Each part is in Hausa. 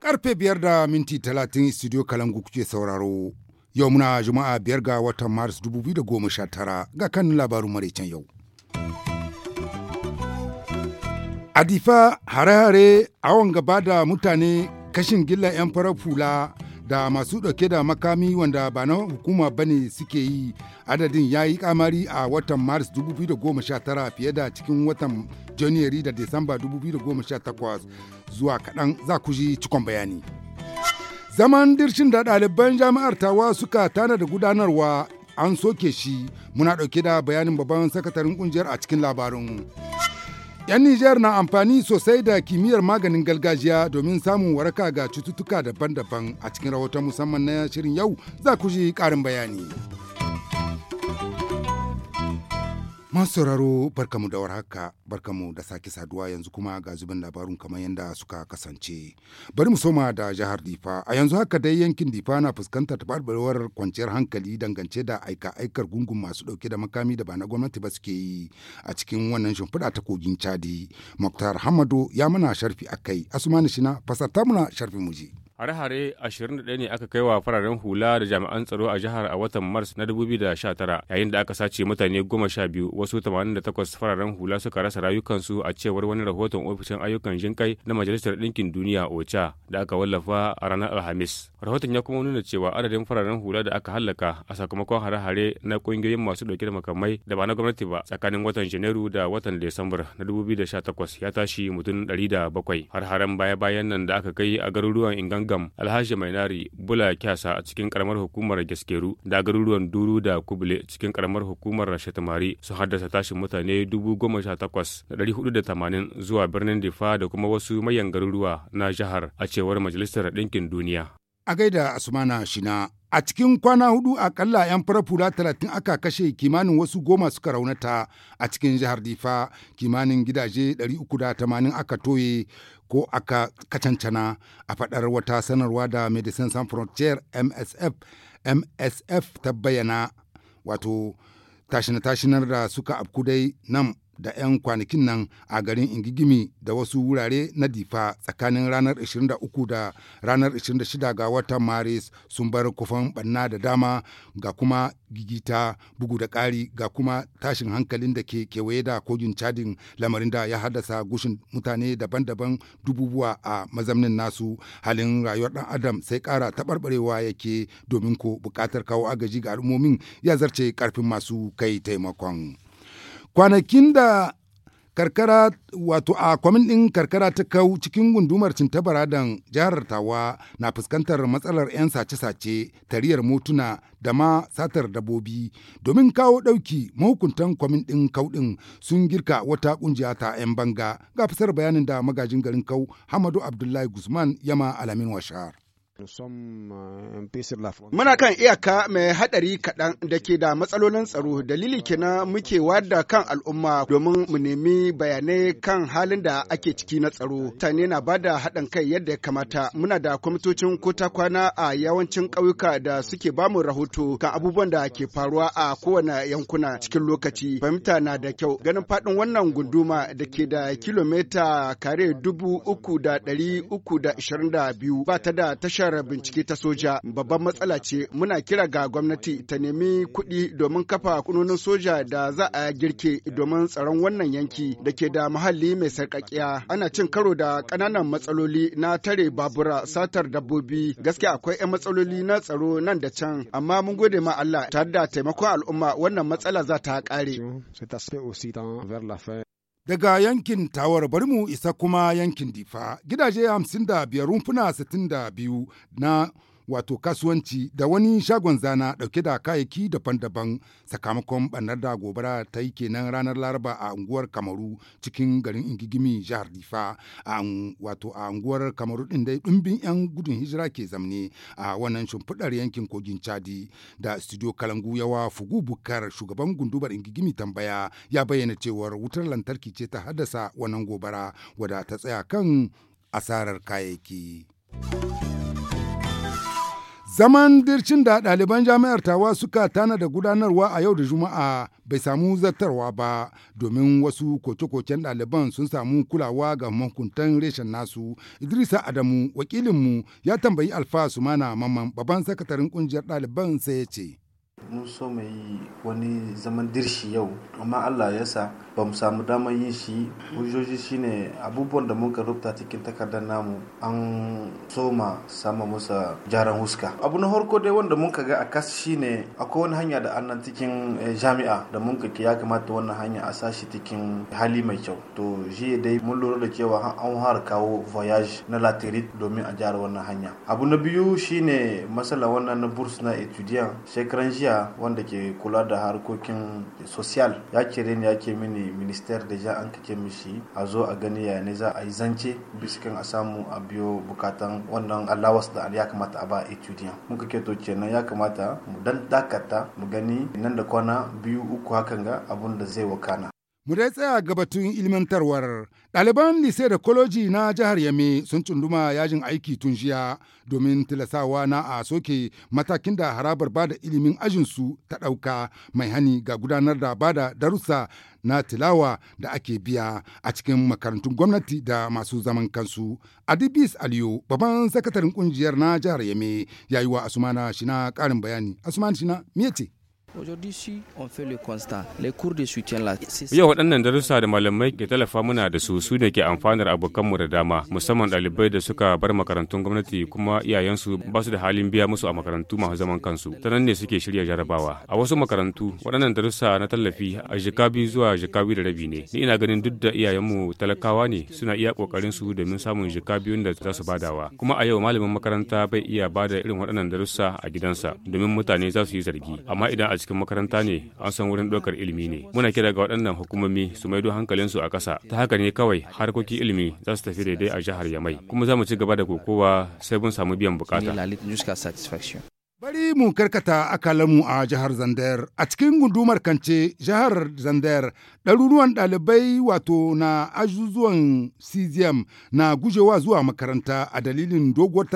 Karfe biyar da minti talatin studio Kalangu kuke sauraro. Yau muna Juma'a biyar ga watan Maris dubu biyu da goma sha tara. ga kan labarun maraicen yau. Adifa hare-hare awon gaba da mutane kashin gillan 'yan farar fula da masu ɗauke da makami wanda ba na hukuma ba bane suke yi adadin ya yi kamari a watan maris 2019 fiye da cikin watan janairu da disamba 2018 zuwa kaɗan za ku ji cikon bayani zaman dirshin da ɗaliban jami'ar tawa suka tana da gudanarwa an soke shi muna ɗauke da bayanin babban sakataren ƙungiyar a cikin labarin 'Yan Nijar na amfani sosai da kimiyyar maganin gargajiya domin samun waraka ga cututtuka daban-daban a cikin rahoton musamman na shirin yau za ku ji ƙarin bayani. sauraro barkamu da warhaka barkamu da sake saduwa yanzu kuma ga zubin labarun kamar yadda suka kasance bari mu soma da jihar difa a yanzu haka dai yankin difa na fuskantar tabarbarwar kwanciyar hankali dangance da aika aikar gungun masu dauke da makami da bana gwamnati ba suke yi a cikin wannan shimfiɗa ta kogin chadi muktar hamado ya mana sharfi akai asumani shina fasarta muna sharfi muji. Hare-hare 21 ne aka kai wa fararen hula da jami'an tsaro a jihar a watan Mars na 2019 yayin da aka sace mutane 12 wasu 88 fararen hula suka rasa rayukansu a cewar wani rahoton ofishin ayyukan jinkai na Majalisar Ɗinkin Duniya OCHA da aka wallafa a ranar Alhamis. Rahoton ya kuma nuna cewa adadin fararen hula da aka hallaka a sakamakon hare-hare na ƙungiyoyin masu ɗauke da makamai da ba na gwamnati ba tsakanin watan Janairu da watan Desambar na 2018 ya tashi mutum 107. Har-haren baya-bayan nan da aka kai a garuruwan Ingang Sangam Alhaji Mainari Bula Kyasa a cikin karamar hukumar Gaskeru da garuruwan Duru da Kubule cikin karamar hukumar Shatamari su haddasa tashin mutane 18,480 zuwa birnin Difa da kuma wasu mayan garuruwa na jihar a cewar Majalisar Ɗinkin Duniya. A gaida Asmana Shina A cikin kwana hudu akalla 'yan farafula talatin aka kashe kimanin wasu goma suka raunata a cikin jihar Difa kimanin gidaje 380 aka toye ko aka kacancana a faɗar wata sanarwa da medecines sans frontier msf msf ta bayyana wato tashina-tashinar da suka afku dai nan da 'yan kwanakin nan a garin ingigimi da wasu wurare na difa tsakanin ranar 23 da ranar 26 ga watan maris sun bar kufan banna da dama ga kuma gigita bugu da ƙari ga kuma tashin hankalin da ke kewaye da kogin cadin lamarin da ya haddasa gushin mutane daban-daban dububuwa a mazamnin nasu halin rayuwar dan adam sai kara taɓarɓarewa yake domin ko buƙatar kawo agaji ga al'ummomin ya zarce ƙarfin masu kai taimakon. Kwanakin da karkara wato a kwamin ɗin karkara ta kau cikin gundumar cintabaradan jihar tawa na fuskantar matsalar 'yan sace-sace tariyar motuna da ma satar dabobi domin kawo ɗauki mahukuntan kwamin ɗin kau ɗin sun girka wata ƙungiya ta 'yan banga ga fasar bayanin da magajin garin kau hamadu abdullahi guzman yama alamin washar Euh, Muna kan iyaka mai haɗari kaɗan da ke da matsalolin tsaro dalili kenan muke wada kan al'umma domin mu nemi bayanai kan halin da ake ciki na tsaro. Tane na ba da haɗin kai yadda ya kamata. Muna da kwamitocin ta kwana a yawancin ƙauyuka da suke bamu rahoto kan abubuwan da ke faruwa a kowane yankuna cikin lokaci. Fahimta na da kyau ganin faɗin wannan gunduma da ke da kilomita kare dubu uku da ɗari uku da ishirin da biyu ba ta da tashar bangaren bincike ta soja babban matsala ce muna kira ga gwamnati ta nemi kuɗi domin kafa kunonin soja da za a girke domin tsaron wannan yanki da ke da muhalli mai sarƙaƙiya ana cin karo da ƙananan matsaloli na tare babura satar dabbobi gaskiya akwai 'yan matsaloli na tsaro nan da can amma mun gode ma Allah tare da taimakon al'umma wannan matsala za ta ƙare. Daga yankin Tawar bari mu isa kuma yankin Difa, gidaje 55 rumfuna 62 na wato kasuwanci da wani shagon zana dauke da kayayyaki daban-daban sakamakon bannar da gobara ta yi kenan ranar laraba a unguwar kamaru cikin garin ingigimi jihar difa a wato a unguwar kamaru din dai dumbin yan gudun hijira ke zamne a wannan shimfiɗar yankin kogin chadi da studio kalangu yawa fugu bukar shugaban gundubar ingigimi tambaya ya bayyana cewar wutar lantarki ce ta haddasa wannan gobara wadda ta tsaya kan asarar kayayyaki. Zaman dircin da ɗaliban jami'ar tawa suka tana da gudanarwa a yau da juma'a bai samu zartarwa ba domin wasu koke-koken ɗaliban sun samu kulawa ga mahukuntan reshen nasu. Idrisa Adamu wakilinmu ya tambayi Alfa Sumana Mamman babban sakataren ƙungiyar ɗaliban sai ya ce. mun so mai yi wani zaman dirshi yau amma allah ya sa ba mu samu damar yin shi hujjoji shine abubuwan da muka rubuta cikin takardar namu an soma sama musa jaran huska abu na farko dai wanda mun ga a kas shine akwai wani hanya da annan cikin eh, jami'a da mun ke ya kamata wannan hanya a sashi cikin hali mai kyau to jiya dai mun lura da cewa an har kawo voyage na laterit domin a jara wannan hanya abu na biyu shine masala wannan na burs na etudiant shekaran jiya jiya wanda ke kula da harkokin social ya kere ni ya ke mini minister da ja an kake mishi a zo a gani ya ne za a yi zance bisikin a samu a biyo bukatan wannan alawas da ya kamata a ba etudiyan muka ke to kenan ya kamata mu dan dakata mu gani nan da kwana biyu uku hakan ga abun da zai wakana Mu dai tsaya ga batun ilmantarwar. Ɗaliban lise da koloji na jihar Yame sun tunduma yajin aiki tun jiya domin tilasawa na a soke matakin da harabar bada ilimin ajinsu ta ɗauka mai hani ga gudanar da bada darussa na tilawa da ake biya a cikin makarantun gwamnati da masu zaman kansu. Adibis Aliyu, babban sakataren kungiyar na jihar Yame, yayi wa Asumana Shina ƙarin bayani. Asumana Shina, me ce? Yau waɗannan darussa da malamai ke tallafa muna da su su ne ke amfanar abokanmu da dama musamman ɗalibai da suka bar makarantun gwamnati kuma iyayensu ba su da halin biya musu a makarantu masu zaman kansu ta nan ne suke shirya jarabawa. A wasu makarantu waɗannan darussa na tallafi a jikabi zuwa jikabi da rabi ne. Ni ina ganin duk da iyayenmu talakawa ne suna iya ƙoƙarin su domin samun jikabi da za su badawa. Kuma a yau malamin makaranta bai iya bada irin waɗannan darussa a gidansa domin mutane za su yi zargi. Amma idan a a cikin makaranta ne an san wurin ɗaukar ilimi ne muna kira ga waɗannan hukumomi su maido hankalinsu a ƙasa ta haka ne kawai harkokin ilimi za su tafi daidai a jihar yamai kuma za mu ci gaba da kokowa sai mun samu biyan bukata Bari mu karkata akalamu a jihar Zandayar. A cikin gundumar Kance, jihar Zandayar, ɗaruruwan ɗalibai wato na azuzuwan CZM na gujewa zuwa makaranta a dalilin doguwar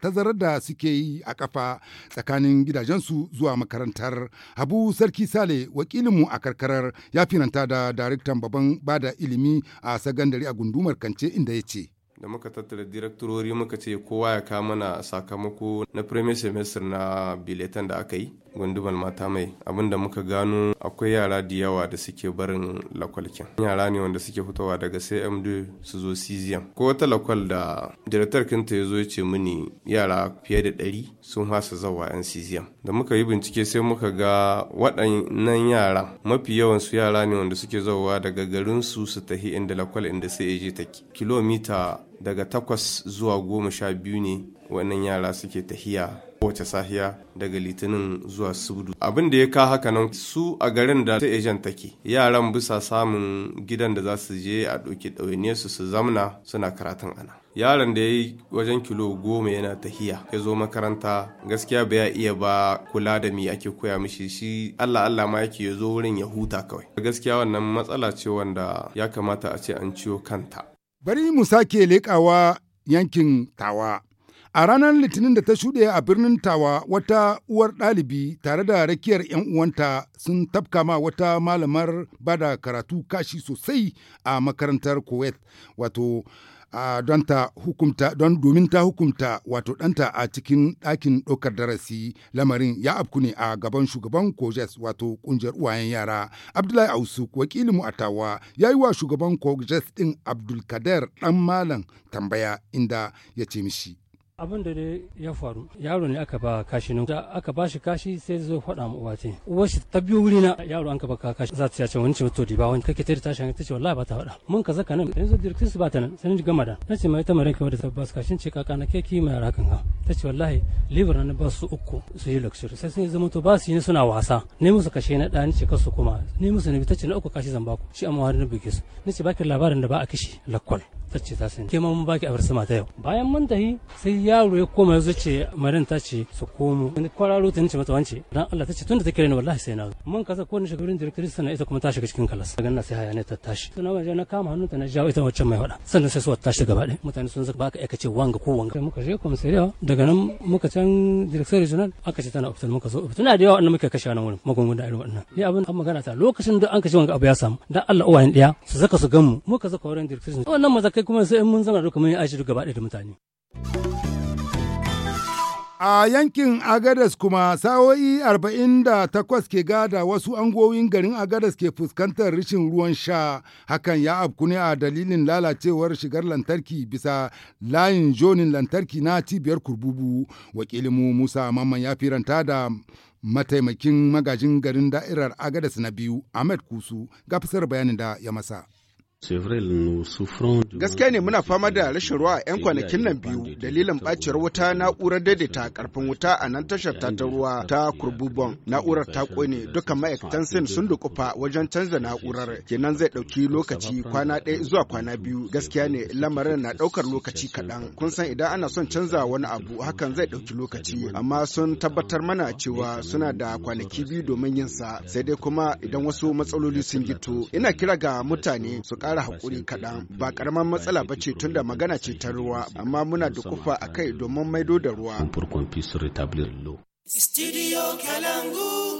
tazarar da suke yi a ƙafa tsakanin gidajensu zuwa makarantar. Habu Sarki Sale, wakilinmu a karkarar, ya finanta da daraktan babban bada ilimi a sagandare a gundumar Kance inda ya ce. da muka tattara direktorori muka ce kowa ya kama mana sakamako na premier semester na biletan da aka yi gundumar mata mai abinda muka gano akwai yara da yawa da suke barin lakwalkin yara ne wanda suke fitowa daga cmd su zo cesium ko wata lakwal da director kinta ya zo ya ce mini yara fiye da ɗari sun hasa zawa yan cesium da muka yi bincike sai muka ga waɗannan yara mafi yawan su yara ne wanda suke zawa daga garin su su tafi inda lakwal inda sai ya je ta kilomita daga takwas zuwa goma sha biyu ne wannan yara suke tahiya kowace sahiya daga litinin zuwa subdu abin da ya ka haka nan su a garin da ta ejan take yaran bisa samun gidan da za su je a ɗauki ɗawainiyar su su zamna suna karatun ana yaron da ya yi wajen kilo goma yana tahiya ya zo makaranta gaskiya ya iya ba kula da mi ake koya mishi shi allah allah ma yake ya zo wurin ya huta kawai gaskiya wannan matsala ce wanda ya kamata a ce an ciwo kanta bari mu sake leƙawa yankin tawa A ranar Litinin da ta shuɗe a birnin Tawa wata uwar ɗalibi tare da rakiyar 'yan uwanta sun tafka ma wata malamar bada karatu kashi sosai a makarantar Kuwait wato don don domin ta hukumta wato ɗanta a cikin ɗakin ɗaukar darasi lamarin ya afku ne a gaban shugaban kojes wato ƙungiyar uwayen yara abdullahi ausuk wakilin mu a tawa ya yi wa shugaban kojes ɗin abdulkader ɗan malam tambaya inda ya ce mishi abin da dai ya faru yaro ne aka ba kashi nan da aka ba shi kashi sai zo faɗa mu uwa ce uwar shi ta biyo wuri na yaro an ka ba kashi za ta ce wani ce to diba wani kake tare shi ta ce wallahi ba ta faɗa mun kaza ka nan yanzu su ba ta nan sai ni gama da na ce mai ta mare kawai da ta ba su kashin ce kaka na keki mai yara kan ga ta ce wallahi liver na ba su uku su yi luxury sai sun zama to ba su yi suna wasa ne musu kashe na ɗani ce kasu kuma ne musu ne ta ce na uku kashi zan baku shi amma wani na buge su ni ce ki labarin da ba a kishi lakwal ta ce ta sani ke ma mun ki a sama ta yau bayan mun tahi sai yaro ya koma ya ce marin ta ce su komo ni kwararo ta nace mata wance dan Allah ta ce tunda take ni wallahi sai na zo mun kasa ko ne shiga wurin director sana ita kuma ta shiga cikin kalas daga nan sai haya ne ta tashi to na waje na kama hannunta na jawo ita wacce mai hada sannan sai su tashi gaba ɗaya mutane sun zaka baka aika ce wanga ko wanga sai muka je komisariya daga nan muka can director regional aka ce tana hospital muka zo tana da yawa annan muka kashe nan wurin magunguna irin wannan ni abin an magana ta lokacin da an kashe wanga abu ya samu dan Allah uwayen ɗaya su zaka su gan mu muka zaka wurin director wannan mazakai kuma sai mun zama duka mun yi aji gaba ɗaya da mutane. A yankin Agadas kuma sa'o'i 48 ke gada wasu angowin garin Agadas ke fuskantar rishin ruwan sha hakan ya afku ne a dalilin lalacewar shigar lantarki bisa layin jonin lantarki na cibiyar kurbubu wakilinmu Musa Mamman ya firanta da mataimakin magajin garin da'irar Agadas na biyu Ahmed Kusu ga fasar bayanin da ya masa. Gaskiya ne muna fama da rashin ruwa a 'yan kwanakin nan biyu dalilin bacewar wuta na'urar daidaita karfin wuta a nan tashar ta ta ruwa ta kurbubon na'urar ta ƙone dukkan ma'aikatan sin sun dukufa wajen canza na'urar kenan zai ɗauki lokaci kwana ɗaya zuwa kwana biyu gaskiya ne lamarin na ɗaukar lokaci kaɗan kun san idan ana son canza wani abu hakan zai ɗauki lokaci amma sun tabbatar mana cewa suna da kwanaki biyu domin yin sa sai dai kuma idan wasu matsaloli sun gito ina kira ga mutane su ƙara hakuri kaɗan ba ƙaramar matsala ba ce tunda magana ce ta ruwa amma muna da kufa a kai domin maido da ruwa. Studio Kalangu.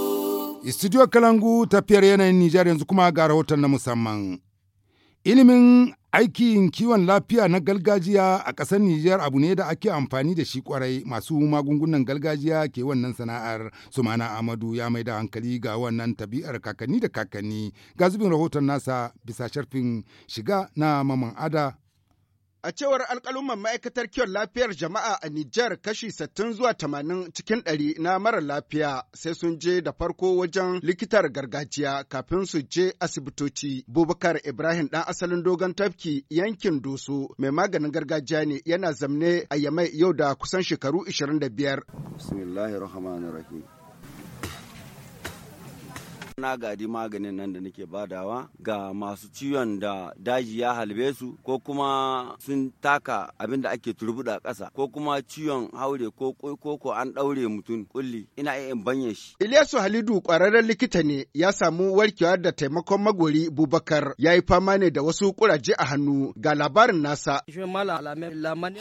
Studio Kalangu tafiyar yanayin Nijar yanzu kuma ga rahoton na musamman. Ilimin aikin kiwon lafiya na gargajiya a ƙasar Nijar abu ne da ake amfani da shi kwarai masu magungunan gargajiya ke wannan sana'ar su mana Amadu ya mai da hankali ga wannan tabi'ar kakanni da kakanni ga zubin rahoton nasa bisa sharfin shiga na maman ada A cewar alkalumman ma'aikatar kiwon lafiyar jama'a a Nijar kashi sittin zuwa tamanin cikin ɗari na mara lafiya sai sun je da farko wajen likitar gargajiya kafin su je asibitoci. Bubakar Ibrahim ɗan asalin dogon tafki yankin dusu, mai maganin gargajiya ne yana zamne a Yamai yau da kusan shekaru 25. na gadi maganin nan da nake badawa ga masu ciwon da daji ya halbe su ko kuma sun taka abin da ake turbuda kasa ko kuma ciwon haure ko ko an ɗaure mutum kulli ina iya banye shi. Ilyasu Halidu kwararren likita ne ya samu warkewa da taimakon magori Bubakar ya yi fama ne da wasu kuraje a hannu ga labarin nasa.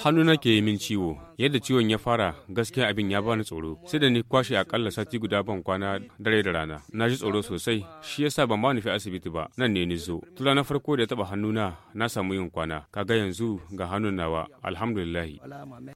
Hannu nake yin min ciwo yadda ciwon ya fara gaskiya abin ya bani tsoro sai da ni kwashe akalla sati guda ban kwana dare da rana na ji tsoro sosai shi yasa ban ma nufi asibiti ba nan ne ni zo tula na farko da taba hannuna na samu yin kwana kaga yanzu ga hannun nawa alhamdulillahi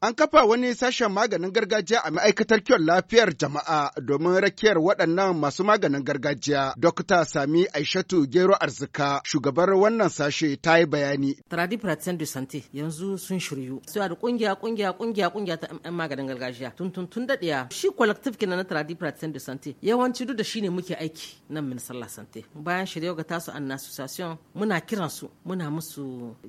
an kafa wani sashen maganin gargajiya a ma'aikatar kiwon lafiyar jama'a domin rakiyar waɗannan masu maganin gargajiya dokta sami aishatu gero arzika shugabar wannan sashe ta yi bayani tradi de sante yanzu sun shiryu a da kungiya kungiya kungiya kungiya ta ɗan maganin gargajiya tun tun tun daɗiya shi collective kina na tradi de sante yawanci duk da shi ne muke aiki nan min sallah sante bayan shirya ga tasu an association muna kiran su muna musu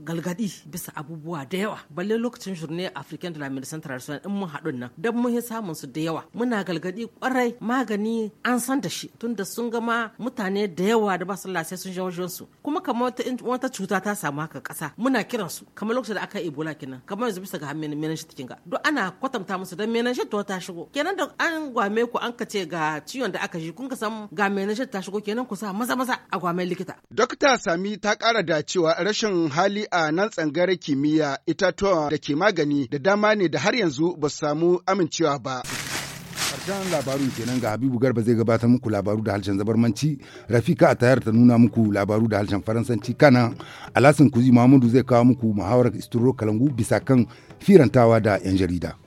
galgadi bisa abubuwa da yawa balle lokacin journée africain de la medecine traditionnelle in mun haɗu nan dan mun samun su da yawa muna galgadi kwarai magani an san da shi tunda sun gama mutane da yawa da ba su sai sun shawo su kuma kamar wata cuta ta samu haka kasa. muna kiran su kamar lokacin da aka yi ebola kenan kamar yanzu bisa ga meningitis kin ga duk ana kwatanta musu dan to ta shigo kenan da an gwame ku an ka ga ciwon da aka ji kun ka san ga meningitis gwamnati ta shigo kenan ku sa maza maza a gwamnati likita. Dokta Sami ta kara da cewa rashin hali a nan tsangare kimiyya itatuwa da ke magani da dama ne da har yanzu ba su samu amincewa ba. karshen labarun kenan ga Habibu Garba zai gabatar muku labaru da harshen zabarmanci, Rafika a tayar ta nuna muku labaru da harshen Faransanci kana Alhassan Kuzi Muhammadu zai kawo muku muhawarar Isturo Kalangu bisa kan firantawa da 'yan jarida.